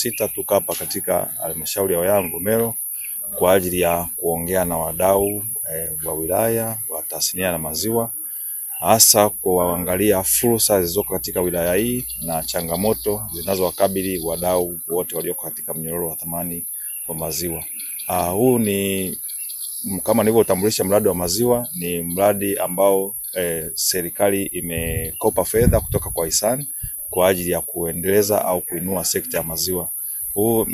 sita tuko hapa katika halmashauri ya wilaya ngomero kwa ajili ya kuongea na wadau e, wa wilaya wa tasnia na maziwa, hasa kuangalia fursa zilizoko katika wilaya hii na changamoto zinazowakabili wadau wote walioko katika mnyororo wa thamani wa maziwa. Ah, huu ni kama nilivyotambulisha, mradi wa maziwa ni mradi ambao e, serikali imekopa fedha kutoka kwa hisani kwa ajili ya kuendeleza au kuinua sekta ya maziwa. Huu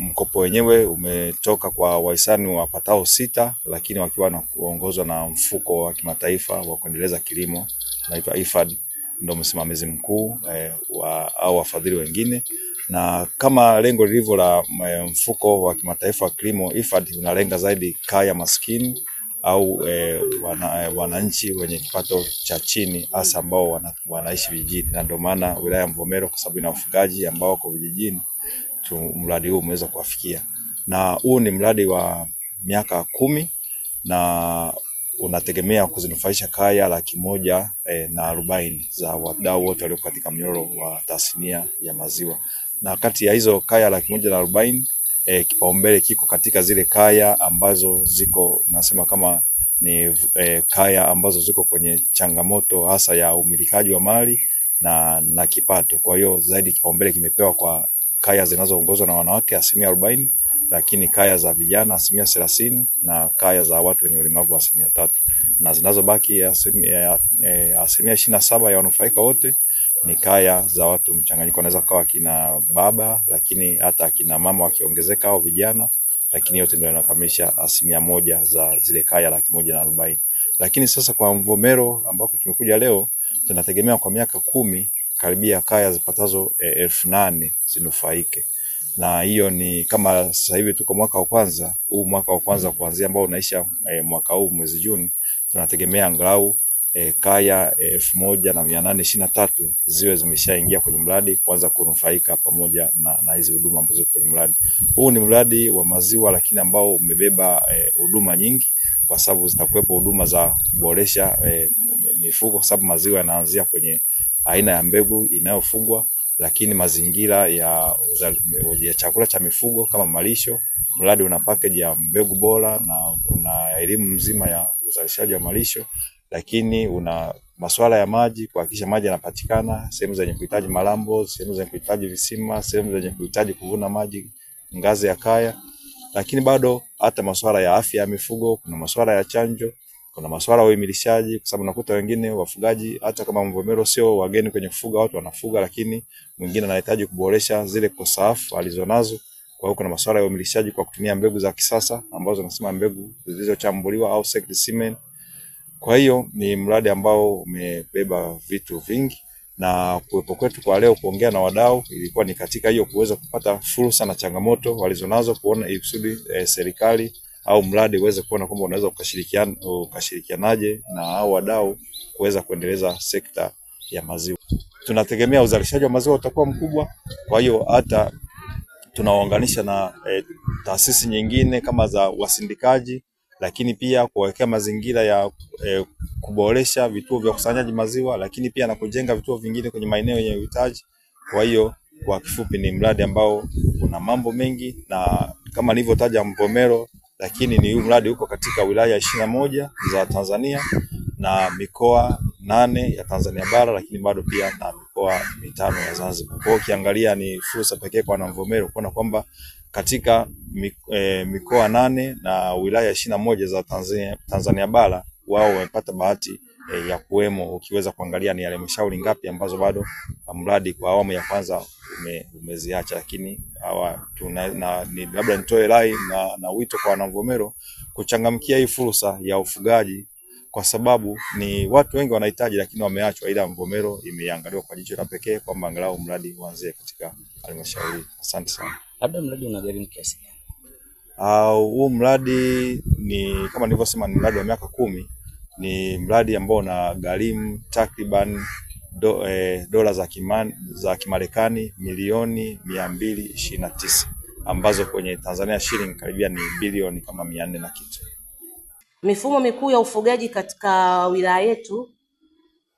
mkopo wenyewe umetoka kwa wahisani wapatao sita, lakini wakiwa kuongozwa na mfuko wa kimataifa wa kuendeleza kilimo unaitwa IFAD, ndio msimamizi mkuu eh, wa, au wafadhili wengine na kama lengo lilivyo la eh, mfuko wa kimataifa wa kilimo IFAD unalenga zaidi kaya maskini au e, wana, eh, wananchi wenye kipato cha chini hasa ambao wana, wanaishi vijijini, na ndio maana wilaya ya Mvomero kwa sababu ina wafugaji ambao wako vijijini tu, mradi huu umeweza kuwafikia, na huu ni mradi wa miaka kumi na unategemea kuzinufaisha kaya laki moja e, na arobaini za wadau wote walioko katika mnyororo wa tasnia ya maziwa, na kati ya hizo kaya laki moja na arobaini e, kipaumbele kiko katika zile kaya ambazo ziko nasema kama ni e, kaya ambazo ziko kwenye changamoto hasa ya umilikaji wa mali na, na kipato. Kwa hiyo zaidi kipaumbele kimepewa kwa kaya zinazoongozwa na wanawake asilimia arobaini, lakini kaya za vijana asilimia thelathini na kaya za watu wenye ulemavu asilimia tatu, na zinazobaki asilimia e, ishirini na saba ya wanufaika wote ni kaya za watu mchanganyiko, wanaweza kawa akina baba, lakini hata akina mama wakiongezeka au vijana, lakini yote ndio yanakamilisha asilimia moja za zile kaya laki moja na arobaini. Lakini sasa kwa Mvomero ambako tumekuja leo, tunategemea kwa miaka kumi karibia kaya zipatazo e, elfu nane zinufaike na hiyo ni kama sasa hivi tuko mwaka wa kwanza huu mwaka wa kwanza kuanzia ambao unaisha e, mwaka huu mwezi Juni, tunategemea angalau e, kaya e, elfu moja na mia nane ishirini na tatu ziwe zimeshaingia kwenye mradi kuanza kunufaika pamoja na hizi huduma ambazo kwenye mradi huu. Ni mradi wa maziwa, lakini ambao umebeba e, huduma e, nyingi, kwa sababu zitakuwepo huduma za kuboresha e, mifugo, kwa sababu maziwa yanaanzia kwenye aina ya mbegu inayofugwa, lakini mazingira ya, ya chakula cha mifugo kama malisho. Mradi una package ya mbegu bora na una elimu nzima ya uzalishaji wa malisho lakini una masuala ya maji, kuhakikisha maji yanapatikana sehemu zenye kuhitaji malambo, sehemu zenye kuhitaji visima, sehemu zenye kuhitaji kuvuna maji ngazi ya kaya, lakini bado hata masuala ya afya ya mifugo, kuna masuala ya chanjo, kuna masuala ya uimilishaji, kwa sababu nakuta wengine wafugaji, hata kama Mvomero sio wageni kwenye kufuga, watu wanafuga, lakini mwingine anahitaji kuboresha zile kosaafu alizonazo. Kwa hiyo kuna masuala ya uimilishaji kwa kutumia mbegu za kisasa ambazo nasema mbegu zilizochambuliwa au seed semen kwa hiyo ni mradi ambao umebeba vitu vingi, na kuwepo kwetu kwa leo kuongea na wadau ilikuwa ni katika hiyo kuweza kupata fursa na changamoto walizonazo, kuona ili kusudi e, serikali au mradi uweze kuona kwamba unaweza ukashirikianaje na au wadau kuweza kuendeleza sekta ya maziwa. Tunategemea uzalishaji wa maziwa utakuwa mkubwa, kwa hiyo hata tunaunganisha na e, taasisi nyingine kama za wasindikaji lakini pia kuwekea mazingira ya e, kuboresha vituo vya ukusanyaji maziwa, lakini pia na kujenga vituo vingine kwenye maeneo yenye uhitaji. Kwa hiyo kwa kifupi, ni mradi ambao una mambo mengi na kama nilivyotaja Mvomero, lakini ni mradi uko katika wilaya ishirini na moja za Tanzania na mikoa nane ya Tanzania bara, lakini bado pia na mikoa mitano ya Zanzibar. Kwa hiyo ukiangalia ni fursa pekee kwa Wanamvomero kuona kwamba katika e, mikoa nane na wilaya ishirini na moja za Tanzania, Tanzania bara wao wamepata bahati e, ya kuwemo. Ukiweza kuangalia ni halmashauri ngapi ambazo bado mradi kwa awamu ya kwanza ume, umeziacha, lakini hawa labda nitoe rai na, na wito kwa wanamvomero kuchangamkia hii fursa ya ufugaji kwa sababu ni watu wengi wanahitaji, lakini wameachwa. Ila Mvomero imeangaliwa kwa jicho la pekee kwamba angalau mradi uanzie katika halmashauri. Asante sana. Labda mradi unagharimu kiasi gani? Huu uh, mradi ni kama nilivyosema, ni mradi wa miaka kumi. Ni mradi ambao una gharimu takriban do, eh, dola za, kiman, za Kimarekani milioni mia mbili ishirini na tisa ambazo kwenye Tanzania shilingi karibia ni bilioni kama mia nne na kitu. Mifumo mikuu ya ufugaji katika wilaya yetu,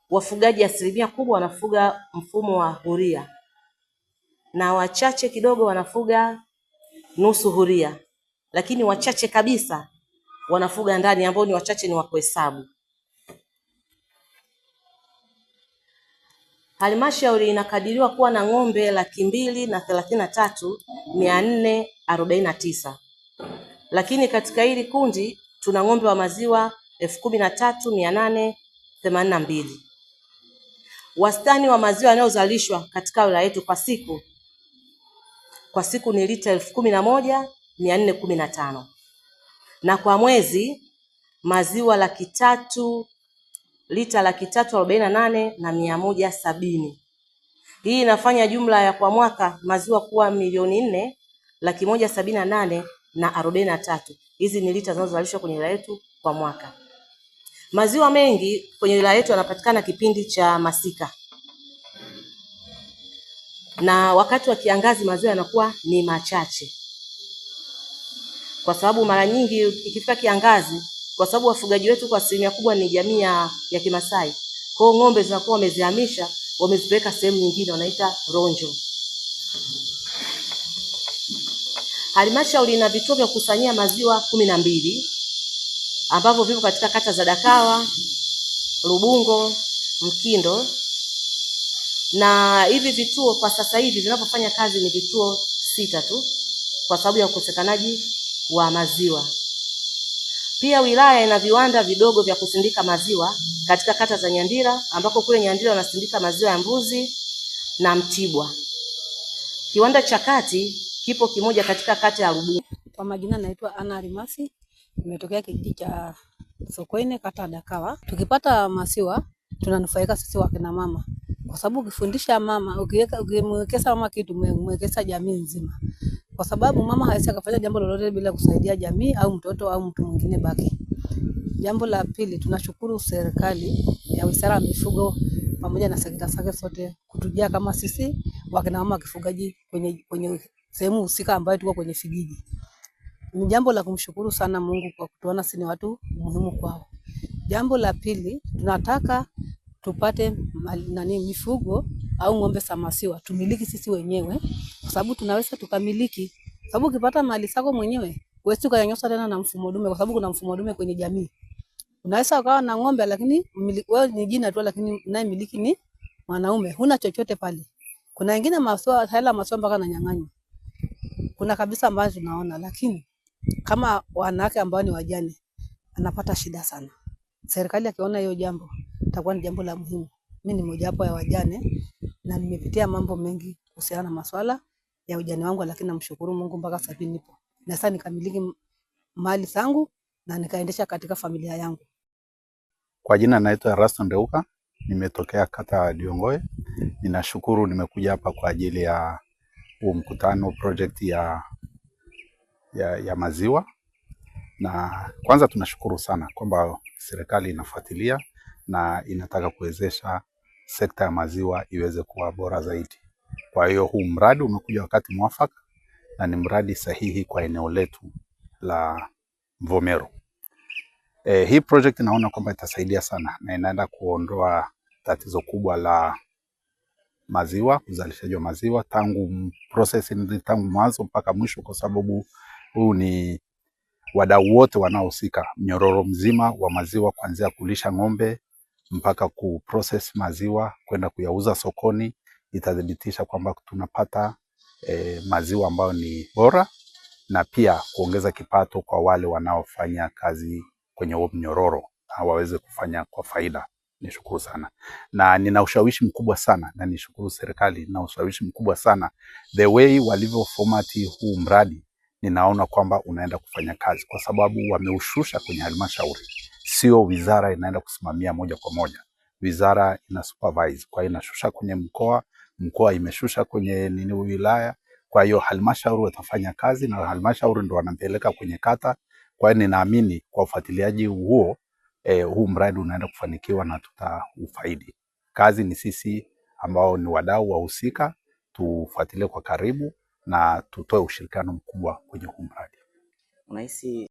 wafugaji asilimia kubwa wanafuga mfumo wa huria na wachache kidogo wanafuga nusu huria, lakini wachache kabisa wanafuga ndani, ambao ni wachache ni wa kuhesabu. Halmashauri inakadiriwa kuwa na ng'ombe laki mbili na thelathini na tatu mia nne arobaini na tisa, lakini katika hili kundi tuna ng'ombe wa maziwa elfu kumi na tatu mia nane themanini na mbili. Wastani wa maziwa yanayozalishwa katika wilaya yetu kwa siku kwa siku ni lita elfu kumi na moja mia nne kumi na tano na kwa mwezi maziwa laki tatu lita laki tatu arobaini na nane na mia moja sabini. Hii inafanya jumla ya kwa mwaka maziwa kuwa milioni nne laki moja sabini na nane na arobaini na tatu Hizi ni lita zinazozalishwa kwenye wilaya yetu kwa mwaka. Maziwa mengi kwenye wilaya yetu yanapatikana kipindi cha masika, na wakati wa kiangazi maziwa yanakuwa ni machache, kwa sababu mara nyingi ikifika kiangazi, kwa sababu wafugaji wetu kwa asilimia kubwa ni jamii ya, ya Kimasai, kwa ng'ombe zinakuwa wamezihamisha, wamezipeleka sehemu nyingine, wanaita ronjo. Halmashauri ina vituo vya kukusanyia maziwa kumi na mbili ambavyo vipo katika kata za Dakawa, Lubungo, Mkindo na hivi vituo kwa sasa hivi vinavyofanya kazi ni vituo sita tu kwa sababu ya ukosekanaji wa maziwa. Pia wilaya ina viwanda vidogo vya kusindika maziwa katika kata za Nyandira ambako kule Nyandira wanasindika maziwa ya mbuzi na Mtibwa. Kiwanda cha kati kipo kimoja katika kata ya Rubuni. Kwa majina naitwa Ana Alimasi, nimetokea kijiji cha Sokoine kata Dakawa. Tukipata maziwa tunanufaika sisi wakina mama kwa sababu ukifundisha mama, ukiweka ukimwekeza mama kitu, umemwekeza jamii nzima, kwa sababu mama hawezi akafanya jambo lolote bila kusaidia jamii au mtoto au mtu mwingine baki. Jambo la pili, tunashukuru serikali ya Wizara ya Mifugo pamoja na sekta zake zote kutujia kama sisi wakina mama wakifugaji kwenye, kwenye sehemu husika ambayo tuko kwenye Figigi. Ni jambo la kumshukuru sana Mungu kwa kutuona sisi ni watu muhimu kwao. Jambo la pili, tunataka tupate nani mifugo au ng'ombe za maziwa tumiliki sisi wenyewe, kwa sababu tunaweza tukamiliki, sababu ukipata mali zako mwenyewe huwezi ukanyanyasa tena na mfumo dume, kwa sababu kuna mfumo dume kwenye jamii. Unaweza ukawa na ng'ombe lakini wewe ni jina tu, lakini naye miliki ni mwanaume, huna chochote pale. Kuna wengine maswa hela maswa mpaka ananyang'anywa kuna kabisa ambayo tunaona, lakini kama wanawake ambao ni wajane anapata shida sana. Serikali akiona hiyo jambo itakuwa ni jambo la muhimu. Mimi ni mojawapo ya wajane na nimepitia mambo mengi kuhusiana na masuala ya ujane wangu, lakini namshukuru Mungu mpaka sasa hivi nipo na sasa nikamiliki mali zangu na nikaendesha katika familia yangu. Kwa jina naitwa Erasto Ndeuka, nimetokea kata ya Diongoe. Ninashukuru nimekuja hapa kwa ajili ya huu mkutano project ya, ya, ya maziwa. Na kwanza tunashukuru sana kwamba serikali inafuatilia na inataka kuwezesha sekta ya maziwa iweze kuwa bora zaidi. Kwa hiyo huu mradi umekuja wakati mwafaka na ni mradi sahihi kwa eneo letu la Mvomero. E, eh, hii project naona kwamba itasaidia sana na inaenda kuondoa tatizo kubwa la maziwa, uzalishaji wa maziwa tangu process, tangu mwanzo mpaka mwisho, kwa sababu huu ni wadau wote wanaohusika, mnyororo mzima wa maziwa, kuanzia kulisha ng'ombe mpaka kuprocess maziwa kwenda kuyauza sokoni, itathibitisha kwamba tunapata e, maziwa ambayo ni bora na pia kuongeza kipato kwa wale wanaofanya kazi kwenye huo mnyororo na waweze kufanya kwa faida nishukuru sana na nina ushawishi mkubwa sana na nishukuru serikali na ushawishi mkubwa sana the way walivyo format huu mradi, ninaona kwamba unaenda kufanya kazi kwa sababu wameushusha kwenye halmashauri, sio wizara inaenda kusimamia moja kwa moja. Wizara ina supervise, kwa hiyo inashusha kwenye mkoa, mkoa imeshusha kwenye nini, wilaya. Kwa hiyo halmashauri watafanya kazi na halmashauri ndo wanampeleka kwenye kata. Kwa hiyo ninaamini kwa ufuatiliaji huo eh, huu mradi unaenda kufanikiwa na tutaufaidi. Kazi ni sisi ambao ni wadau wahusika, tufuatilie kwa karibu na tutoe ushirikiano mkubwa kwenye huu mradi. Unahisi